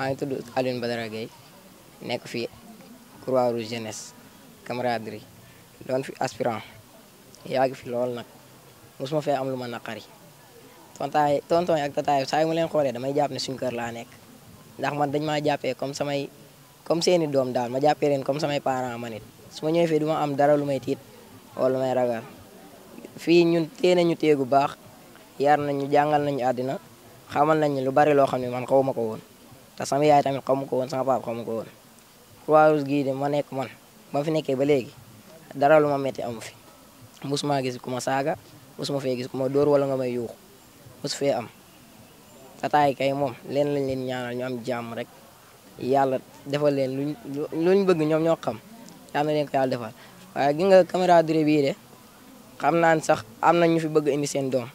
maa ngi tudd Alioune Badara nekk fi Croix Rouge jeunesse camaraderie doon fi aspirant yàgg fi lool nag mosuma fee am lu ma naqari tontaay tonton yi ak tataay saa yu ma leen xoolee damay jàpp ne suñu kër laa nekk ndax man dañ maa jàppee comme samay comme seeni doom daal ma jàppee leen comme samay parents ma nit su ma ñëwee am dara lu may tiit wala lu may ragal fii ñun tee nañu téegu baax yar nañu jàngal nañu àddina xamal nañu lu bari loo xam ne man xawma ko woon te sama yaay tamit xamu ko woon sama papa xamu ko woon gii de ma nekk man ba fi nekkee ba léegi dara lu ma métti amu fi musuma gis ku ma saaga musuma fee gis ku dóor wala nga may yuuxu musu fee am tataay kay moom leen lañ leen ñaanal ñu am jàmm rek yàlla defal leen luñ luñ bëgg ñoom ñoo xam yàlla na leen ko yàlla defal waaye gi nga caméra durée bii de xam naa ne sax am na ñu fi bëgg indi seen doom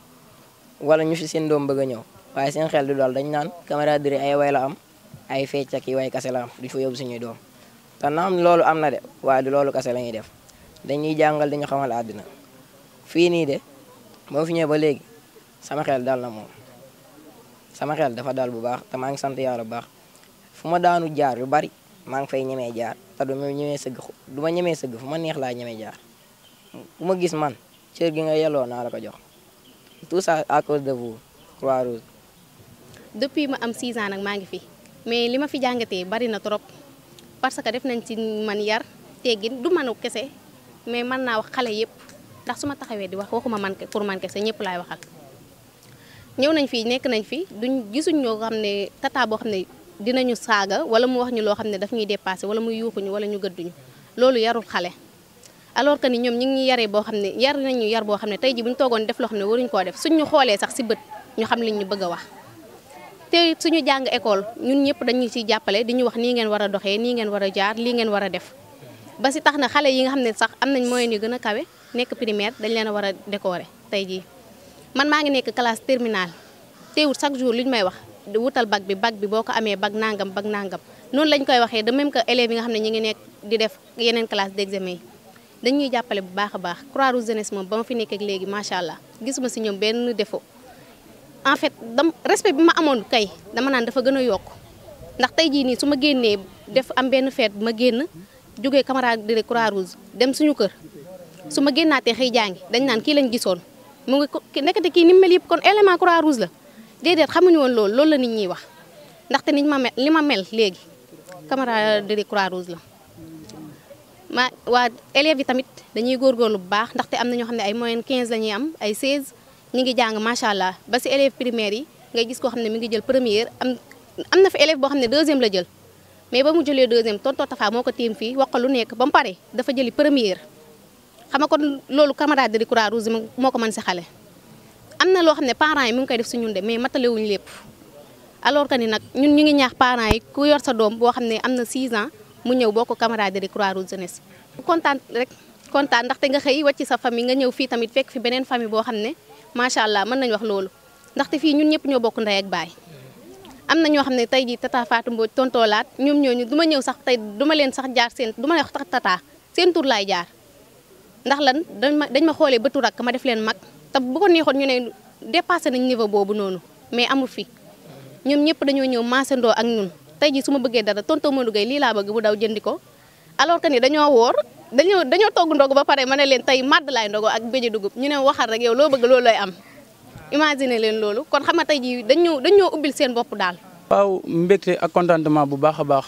wala ñu fi seen doom bëgg a ñëw waaye seen xel du dañ naan caméra ay fecc ak yi way kase la am duñ fa yóbbu suñuy doom te naam loolu am na de waaye du loolu kase la ñuy def dañuy jàngal dañu xamal àddina fii nii de moo fi ñëwee ba léegi sama xel dal na moom sama xel dafa dal bu baax te maa ngi sant yàlla bu baax fu ma daanu jaar yu bari maa ngi fay ñemee jaar te du ma ñemee sëgg du ma ñemee sëgg fu ma neex laa ñemee jaar bu ma gis man cër gi nga yelloo naa la ko jox tout ça à cause de vous Croix-Rouge depuis ma am 6 ans nag maa ngi fi mais li ma fi jàngatee bari na trop parce que def nañ ci man yar teggin du manu kese mais mën naa wax xale yëpp ndax su ma taxawee di wax waxuma man pour man kese ñëpp laay waxal. ñëw nañ fii nekk nañ fi duñ gisuñ ñoo xam ne tata boo xam ne dinañu saaga wala mu wax ñu loo xam ne daf ñuy dépassé wala mu yuuxuñu wala ñu gëdduñu loolu yarul xale alors que ni ñoom ñu ngi ñu yaree boo xam ne yar nañu yar boo xam ne tey ji bu ñu toogoon def loo xam ne waruñu koo def suñ ñu xoolee sax si bët ñu xam liñ ñu bëgg a wax te suñu jàng école ñun ñëpp dañu ciy jàppale di ñu wax nii ngeen war a doxee nii ngeen war a jaar lii ngeen war a def ba si tax na xale yi nga xam ne sax am nañ moyen yu gën a kawe nekk primaire dañ leen a war a décorer tey jii man maa ngi nekk classe terminale teewul chaque jour li ñu may wax wutal bag bi bag bi boo ko amee bag nangam bag nangam noonu lañ koy waxee de même que élèves yi nga xam ne ñu ngi nekk di def yeneen classe d'examen yi dañuy jàppale bu baax a baax Croix-Rouge moom ba fi nekk léegi macha allah gisuma si ñoom benn défaut en fait dam respect bi ma amoon kay dama naan dafa gën a yokk ndax tey jii nii su ma génnee def am benn feet ma génn jógee camarade de croix rouge dem suñu kër su ma génnaatee xëy jàngi dañ naan kii lañ gisoon mu ngi nekkati kii ni mel yëpp kon élément croix rouge la déedéet xamuñu woon loolu loolu la nit ñiy wax ndaxte niñ ma mel li ma mel léegi camarade de croix rouge la ma waa élèves yi tamit dañuy góorgóorlu lu baax ndaxte am na ñoo xam ne ay moyenne 15 la ay 16 ñi ngi jàng macha allah ba si élèves primaires yi ngay gis koo xam ne mu ngi jël première am am na fi élève boo xam ne deuxième la jël mais ba mu jëlee deuxième tonton Tafa moo ko tiim fii wax ko lu nekk ba mu pare dafa jëli première xam nga kon loolu camarade de Croix Rouge moo ko mën si xale. am na loo xam ne parents yi mu ngi koy def si ñun de mais matalewuñu lépp alors que ni nag ñun ñu ngi ñaax parent yi ku yor sa doom boo xam ne am na 6 ans mu ñëw boo ko camarade de Croix Rouge jeunesse. kontaan rek kontaan ndaxte nga xëy wàcc sa famille nga ñëw fii tamit fekk fi beneen famille boo xam ne. macha allah mën nañ wax loolu ndaxte fii ñun ñëpp ñoo bokk ndey ak baay am na ñoo xam ne tey jii tata Fatou tontoo laat ñoom ñoo du duma ñëw sax tey duma leen sax jaar seen du ma wax tax tata seen tur laay jaar ndax lan dañ ma dañ ma xoolee bëtu rakk ma def leen mag te bu ko neexoon ñu ne dépassé nañ niveau boobu noonu mais amul fi ñoom ñëpp dañoo ñëw maasandoo ak ñun tey jii su ma bëggee dara tonto Modou Gueye lii laa bëgg bu daw jëndi alors que ni dañoo woor dañoo dañoo togg ndog ba pare ma ne leen tey màdd laay ndogoo ak béji dugub ñu ne waxal rek yow loo bëgg loolu lay am imagine leen loolu kon xam a tey jii dañoo dañoo ubbil seen bopp daal. waaw mbégte ak contentement bu baax a baax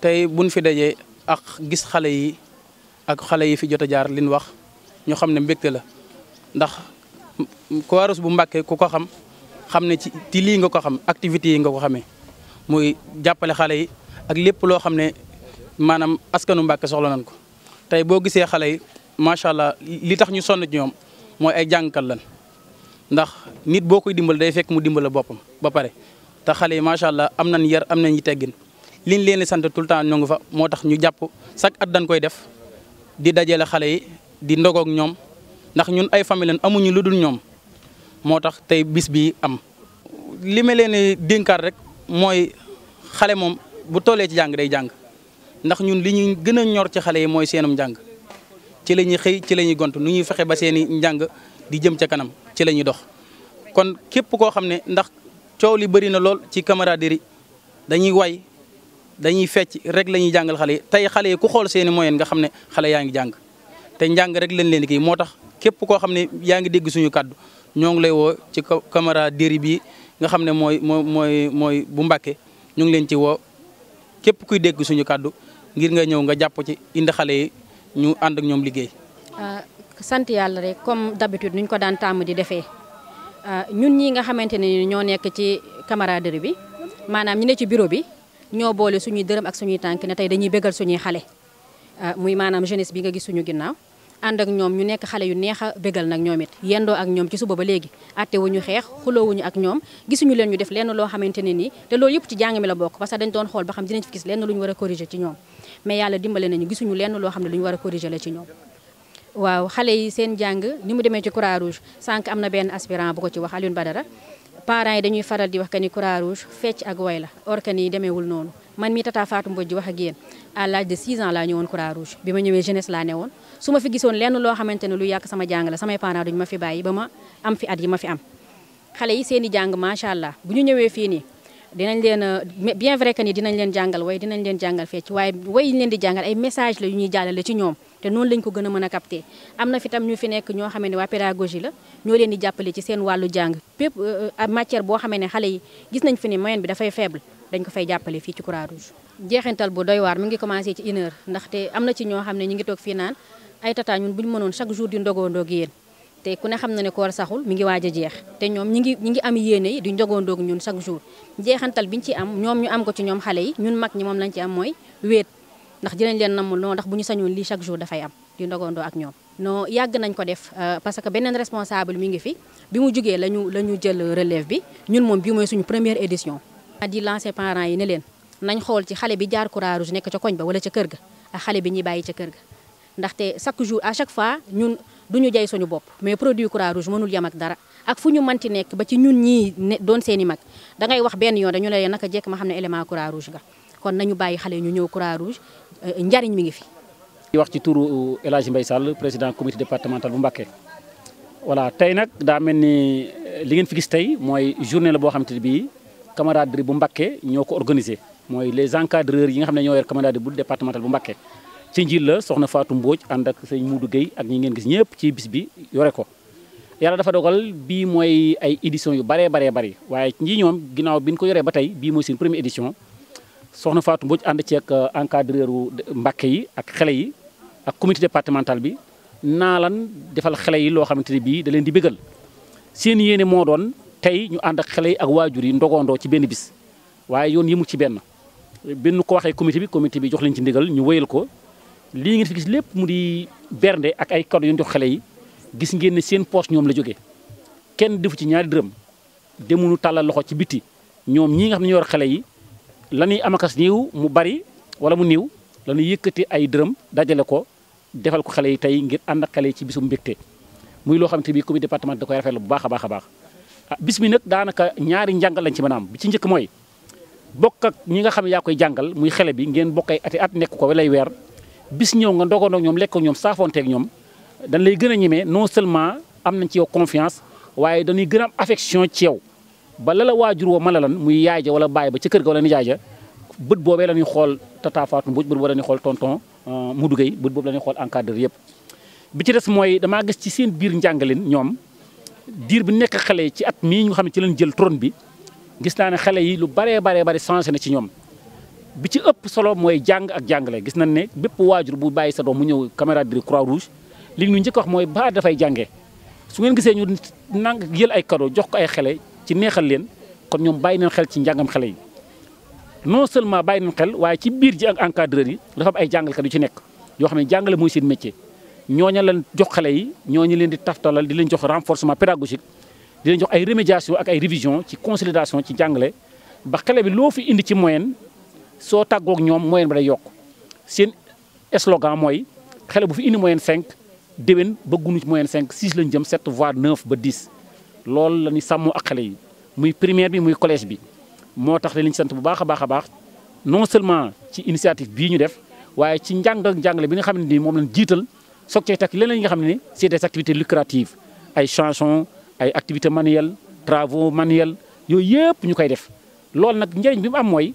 tey buñ fi dajee ak gis xale yi ak xale yi fi jot a jaar liñ wax ñu xam ne mbégte la ndax Croix-Rouge bu mbakee ku ko xam xam ne ci ci lii nga ko xam activités yi nga ko xamee muy jàppale xale yi ak lépp loo xam ne maanaam askanu Mbàkke soxla nañ ko. tey boo gisee xale yi macha allah li tax ñu sonn ci ñoom mooy ay jàngkat lan ndax nit boo koy dimbal day fekk mu dimbala boppam ba pare te xale yi macha allah am nañ yar am ñu teggin liñ leen sant tout le temps ñoo ngi fa moo tax ñu jàpp chaque at dañ koy def di dajale xale yi di ndogoog ñoom ndax ñun ay famille lan amuñu lu dul ñoom moo tax tey bis bi am. li ma leen di rek mooy xale moom bu tollee ci jàng day jàng. ndax ñun li ñuy gën a ñor ci xale yi mooy seenum njàng ci la ñuy xëy ci la ñuy gont nu ñuy fexe ba seeni njàng di jëm ca kanam ci la ñuy dox kon képp koo xam ne ndax coow li bëri na lool ci camaraderie dañuy way dañuy fecc rek la ñuy jàngal xale tey xale yi ku xool seeni moyen nga xam ne xale yaa ngi jàng te njàng rek lañ leen kii moo tax képp koo xam ne yaa ngi dégg suñu kàddu ñoo ngi lay woo ci camaraderie bi nga xam ne mooy mooy mooy bu Mbàkke ñu ngi leen ci woo képp kuy dégg suñu kàddu ngir nga ñëw nga jàpp ci indi xale yi ñu ànd ak ñoom liggéey. Ah, sant yàlla rek comme d'habitude nuñ ko daan tàmm di defee ah, ñun ñi nga xamante ni ñoo nekk ci camaraderie bi maanaam ñu ne ci bureau bi ñoo boole suñuy dërëm ak suñuy tànk ne tey dañuy bégal suñuy xale ah, muy maanaam jeunesse bi nga gis suñu ginnaaw. ànd ak ñoom ñu nekk xale yu neex a bégal nag ñoom it yendoo ak ñoom ci suba ba léegi atte ñu xeex xuloowuñu ak ñoom gisuñu leen ñu def lenn loo xamante ne nii te loolu yëpp ci jàng mi la bokk parce que dañ doon xool ba xam dinañ fi gis ñu war a corriger ci gisuñu lenn loo xam ne lu ñu war a corriger la ci ñoom waaw xale yi seen jàng ni mu demee ci croix rouge sànq am na benn aspirant bu ko ci wax Alioune Badara parents yi dañuy faral di wax que ni croix rouge fecc ak way la or noonu man mi tata Fatou Mbodj ji wax ak de 6 ans laa ñëwoon croix rouge bi ma ñëwee jeunesse laa newoon su ma fi gisoon lenn loo xamante ne lu yàq sama jàng la samay parents duñu ma fi bàyyi ba ma am fi at yi ma fi am xale yi seen i jàng macha allah bu ñu ñëwee fii nii dinañ leen bien vrai que ni dinañ leen jàngal waaye dinañ leen jàngal ci waaye way yi ñu leen di jàngal ay message la yu ñuy jàllale ci ñoom te noonu lañ ko gën a mën a capté am na fi tam ñu fi nekk ñoo xamee ne waa pédagogie la ñoo leen di jàppale ci seen wàllu jàng bépp euh, euh, matière boo xamee ne xale yi gis nañ fi ne moyenne bi dafay faible dañ ko fay jàppale fii ci croix jeexintal bu doy waar mi ngi commencé ci une ndaxte am na ci ñoo xam ne ñu ngi toog fii naan ay tata ñun bu ñu mënoon chaque jour di ndogondoog yéen te ku ne xam na ne koor saxul mi ngi waaj a jeex te ñoom ñi ngi ñi ngi am yéene yi di ndogondoog ñun chaque jour jeexantal biñ ci am ñoom ñu am ko ci ñoom xale yi ñun mag ñi moom lañ ci am mooy wéet ndax dinañ leen nammul ndax bu ñu sañoon li chaque jour dafay am di ndogondoo ak ñoom non yàgg nañ ko def euh, parce que beneen responsable mi ngi fi bi mu jugee lañu la ñu jël relève bi ñun moom bi mooy suñu première édition di lancer parents yi ne leen nañ xool ci xale bi jaar Croix-Rouge nekk ca koñ ba wala ca kër ga xale bi ñuy bàyyi ca kër ga ndaxte chaque jour à chaque fois ñun du ñu jay suñu bopp mais produit Croix-Rouge mënul yem ak dara ak fu ñu manti nekk ba ci ñun ñii doon seen i mag da ngay wax benn yoon dañu la naka jekk ma xam ne élément croix ga nga kon nañu bàyyi xale ñu ñëw Croix-Rouge euh, njariñ mi ngi fi. di wax ci turu euh, El Hadj Mbaye Sall président comité départemental bu Mbacké voilà tey nag daa mel ni euh, li ngeen fi gis tey mooy journée la boo xamante ne bii camaraderie bu Mbacké ñoo ko organisé mooy les encadreurs yi nga xam ne ñoo yor camaraderie bu ci njiit la soxna faatu Mbodj ànd ak sëñ Moudou Guèye ak ñi ngeen gis ñëpp ci bis bi yore ko yàlla dafa dogal bii mooy ay édition yu baree baree bari waaye ñi ñoom ginnaaw bi ñu ko yoree ba tey bii mooy seen première édition soxna Fatou Mbodj ànd ceeg euh, encadreur mbakke yi ak xale yi ak comité départemental bi naa lan defal xale yi loo xamante ne bii da leen di bégal seen yéene moo doon tey ñu ànd ak xale yi ak waajur yi ndogondoo ci benn bis waaye yoon yëmu ci benn benn ko waxee comité bi comité bi jox leen ci ndigal ñu wéyal ko lii ngeen fi gis lépp mu di bernde ak ay kado yu ñu jox xale yi gis ngeen ne seen poche ñoom la jóge kenn defu ci ñaari dërëm demunu tàllal loxo ci biti ñoom ñi nga xam ne ñu war xale yi la ñuy amakas niiw mu bari wala mu néew la ñuy ay dërëm dajale ko defal ko xale yi tey ngir ànd ak xale yi ci bisum mbégte muy loo xam te bi comité département da koy rafetlu bu baax a baax a baax ah, bis mi nag daanaka ñaari njàngal lañ ci mën a ci njëkk mooy bokk ak ñi nga xam ne yaa koy jàngal muy xele bi ngeen bokk ay ati at nekk ko walay weer bis ñëw nga ndogoon ak ñoom lekk ñoom saafoonteeg ñoom dañ lay gën a ñemee non seulement am nañ ci yow confiance waaye dañuy gën a am affection ci yow ba la la waajur wa mala lan muy yaay ja wala baay ba ci kër ga ni nijaay ja bët boobee la ñuy xool Tata Fatou Mbodj bët boobu la ñuy xool tonton euh, mu Gueye bët boobu la xool encadreur yëpp bi ci des mooy damaa gis ci seen biir njàngalin ñoom diir bi nekk xale yi ci at mii ñu xam ne ci leen jël trône bi gis naa ne xale yi lu baree baree bari changé na ci ñoom bi ci ëpp solo mooy jàng ak jàngale gis nañ ne bépp waajur bu bàyyi sa doom mu ñëw camaraderie croix rouge li ñu njëkk wax mooy baa dafay jànge su ngeen gisee ñu nang jël ay cadeau jox ko ay xele ci neexal leen kon ñoom bàyyi nañ xel ci njàngam xale yi non seulement bàyyi nañ xel waaye ci biir ji ak yi dafa am ay jàngalekat yu ci nekk yoo xam ne jàngale mooy seen métier ñooña la jox xale yi ñooñu leen di taftalal di leen jox renforcement pédagogique di leen jox ay remédiation ak ay révision ci consolidation ci jàngale ba xale bi loo fi indi ci moyenne soo tàggoog ñoom moyenne ba day yokk seen slogan mooy xale bu fi indi moyenne 5 déwén bëgguñu ci moyenne 5 6 lañ jëm 7 voire 9 ba 10. loolu la ñuy sàmm ak xale yi muy primaire bi muy collège bi moo tax dañu sant bu baax a baax a baax non seulement ci initiative bii ñu def waaye ci njàng ak njàngale bi nga xam ni nii moom lañ jiital soog cay takk leneen yi nga xam ne c'est des activités lucratives ay chansons ay activités manuelles travaux manuels yooyu yëpp ñu koy def loolu nag njëriñ bi mu am mooy.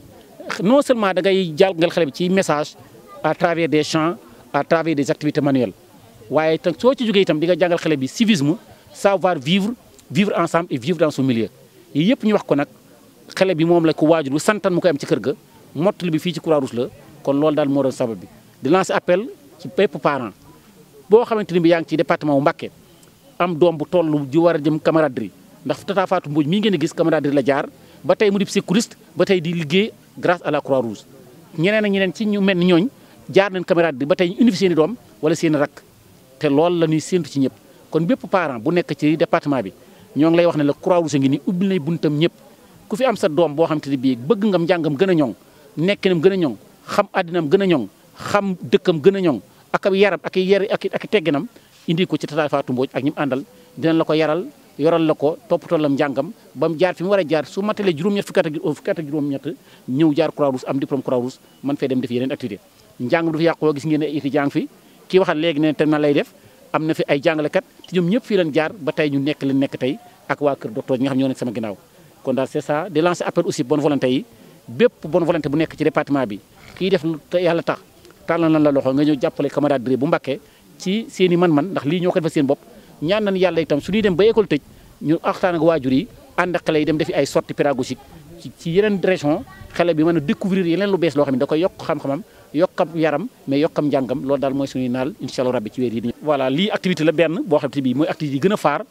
non seulement da ngay jàngal xale bi ci message à travers des chants à travers des activités manuelles waaye soo ci jógee itam di nga jàngal xale bi civisme savoir vivre vivre ensemble et vivre dans son milieu yii yëpp ñu wax ko nag xale bi moom la ko waajur bu santan mu koy am ci kër ga mottali bi fii ci Croix-Rouge la kon loolu daal moo doon sabab bi di lancer appel ci bépp parent boo xamante ni bi yaa ngi ci département bu Mbacké am doom bu toll di war a jëm camaraderie ndax Tata Fatou Mbodj mii ngeen di gis camaraderie la jaar grâce à la Croix-Rouge ñeneen ak ñeneen ci ñu mel ni ñooñ jaar nañ camarade bi ba tey ñu unifié doom wala seen i rakk te loolu la ñuy séentu ci ñëpp kon bépp parent bu nekk ci département bi ñoo ngi lay wax ne la Croix-Rouge ngi ni ubbil nay buntam ñëpp ku fi am sa doom boo xam te ne bii bëgg nga njàngam gën a ñoŋ nekkinam gën a ñoŋ xam àddinam gën a ñoŋ xam dëkkam gën a ñoŋ ak yaram ak i yar ak i tegginam indi ko ci Tata Fatou Mbodj ak ñu àndal dinañ la ko yaral yoral la ko topp toppatoo la njàngam ba mu jaar fi mu war a jaar su matalee juróom-ñett fukki at ak fukki at juróom-ñett ñëw jaar croix am diplôme Croix-Rouge man fee def yeneen activité njàng du fi yàqoo gis ngeen ne na lay def am na fi ay jàngalekat te ñoom ñëpp fii leen jaar ba tey ñu nekk leen nekk tey ak waa kër docteur sama ginnaaw kon daal c'est ça di lancer appel aussi bonne volonté yi bépp bonne volonté bu nekk ci département bi kii def yàlla tax tàllal na la loxo nga ñëw jàppale camarade Dre bu Mbacké ci seen i man-man ndax lii ñoo ko defal seen bopp ñaan nañ yàlla itam su ñuy dem ba école tëj ñu waxtaan ak waajur yi ànd ak xale yi dem defi ay sortie pédagogique ci yeneen région xale bi mën a découvrir yeneen lu bees loo xam ne da koy yokk xam-xamam yokkam yaram mais yokkam njàngam loolu daal mooy suñuy naal incha allah bi ci weer yi voilà lii activité la benn boo xam te bii a faar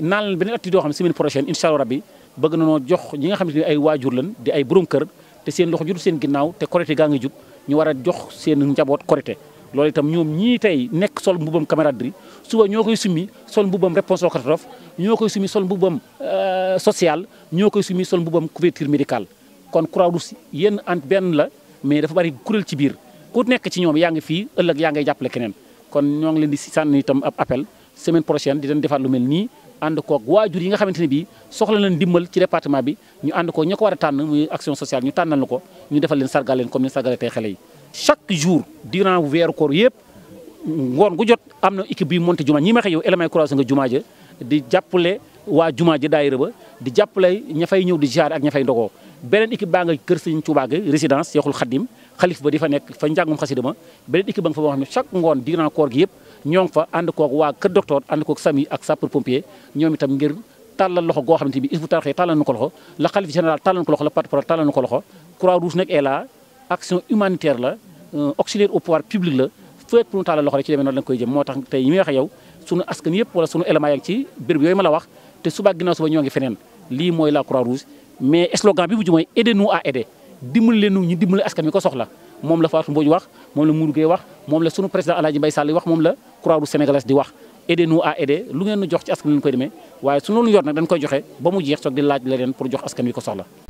na beneen activité xam ne semaine prochaine incha na noo jox ñi ay waajur lan di ay borom kër te seen loxo jur seen ginnaaw te korité gaa ngi ñu war a jox seen njaboot korité loolu itam ñoom ñii tey nekk sol mbubam camaraderie suba ñoo koy summi sol mbubam réponse aux catastrophes ñoo koy summi sol mbubam euh, social ñoo koy summi sol mbubam couverture médicale kon Croix-Rouge yenn ant benn la mais dafa bari kuréel ci biir ku nekk ci ñoom yaa ngi fii ëllëg yaa ngay jàppale keneen kon ñoo ngi di sànni itam ab appel semaine prochaine di leen defaat lu ànd koog waajur yi nga xamante ne bii soxla leen dimbal ci département bi ñu ànd ko war a tànn muy action sociale ñu tànnal ko ñu defal leen sargal leen comme ni sargale tey xale yi chaque jour durant weeru koor yëpp ngoon gu jot am na équipe bi monté juma ñi ma xëy yow élément croisé nga jumaa ja di jàppale waa jumaa ji daayira ba di jàppale ña fay ñëw di ziar ak ña fay ndogoo beneen équipe baa nga kër Sëriñ Tuubaa ga résidence Seexul Xaddim xalif ba di fa nekk fa njàngum xasida ma beneen équipe ba nga fa boo xam ne chaque ngoon durant koor gi waa kër docteur ànd koog sami ak sapeur pompier ñoom itam ngir tàllal loxo goo xamante bi Hizbut Tarqiyyah tàllal na ko la xalif ko loxo la porte-parole tàllal la Euh, auxiliaire au pouvoir public la féet pour ñu tàllal loxo rek ci demee noonu lañ koy jëm moo tax tey ñi may wax yow sunu askan yëpp wala sunu élément yaa ngi ci béréb yooyu ma la wax te suba ginnaaw suba ñoo ngi feneen lii mooy la croix rouge mais slogan bi mu ju mooy aidez nous à dimbali leen ñu dimbali askan mi ko soxla moom la Fatou Mbodj wax moom la Mourou Gueye wax moom la sunu président Alaaji Mbaye Sall wax moom la croix rouge di wax aidez nous nu jox ci askan wi ñu koy demee koy joxe ba mu jeex soog laaj la pour jox askan wi ko soxla